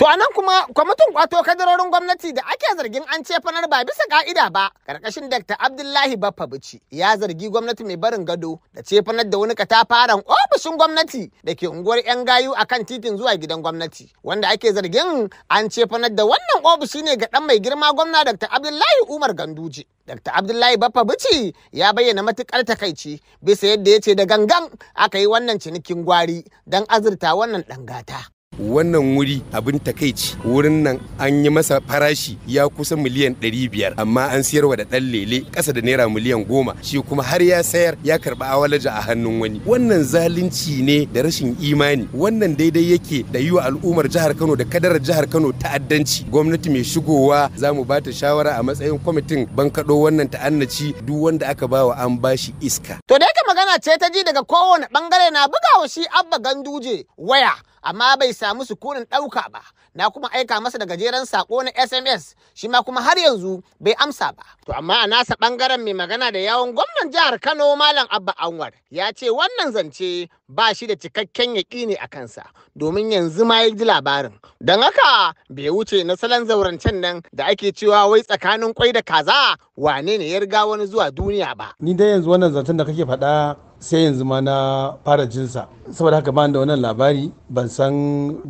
To a nan kuma kwamitin kwato kadarorin gwamnati da ake zargin an ce fanar ba bisa ka'ida ba karkashin Dr. Abdullahi Baffa Bici ya zargi gwamnati mai barin gado da ce fanar da wani katafaren ofishin gwamnati da ke unguwar 'yan gayu a kan titin zuwa gidan gwamnati wanda ake zargin an ce fanar da wannan ofishi ne ga dan mai girma gwamna Dr. Abdullahi Umar Ganduje. Dr. Abdullahi Baffa Bici ya bayyana matukar takaici bisa yadda ya ce da gangan aka yi wannan cinikin gwari don azurta wannan ɗangata. wannan wuri abin takaici wurin nan an yi masa farashi ya kusa miliyan ɗari biyar amma an siyarwa da ɗan lele ƙasa da naira miliyan goma shi kuma har ya sayar ya karɓi awalaja a hannun wani wannan zalunci ne da rashin imani wannan daidai yake da yi wa al'ummar jihar kano da kadarar jihar kano ta'addanci gwamnati mai shigowa za mu ba ta shawara a matsayin kwamitin bankaɗo wannan ta'annaci duk wanda aka bawa an bashi iska To da yake magana ce ta ji daga kowane bangare na buga wa shi Abba Ganduje waya amma bai samu sukunin ɗauka ba na kuma aika masa da gajeren sako na SMS shi ma kuma har yanzu bai amsa ba. To amma a nasa bangaren mai magana da yawon gwamnan jihar Kano Malam Abba Anwar ya ce wannan zance ba shi da cikakken ne a kansa domin yanzu ma ya ji labarin. Don haka bai wuce na salon zaurancen nan da ake cewa wai tsakanin kwai da kaza wane ne ya riga wani zuwa duniya ba. Ni dai yanzu wannan zancen da kake kake faɗa sai yanzu ma na fara jinsa saboda haka bani da wannan labari ban san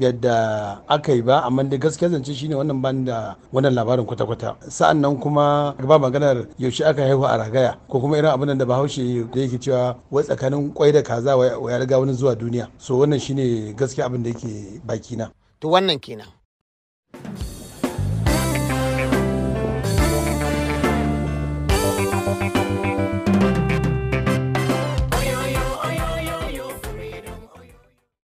yadda aka yi ba amma da gaskiya zance shine wannan bani da wannan labarin kwata-kwata sa'an nan kuma ba maganar yaushe aka haihu a ragaya ko kuma irin abin da bahaushe da yake cewa wai tsakanin kwai da kaza ya riga wani zuwa duniya so wannan shine gaskiya abin da yake na to wannan kenan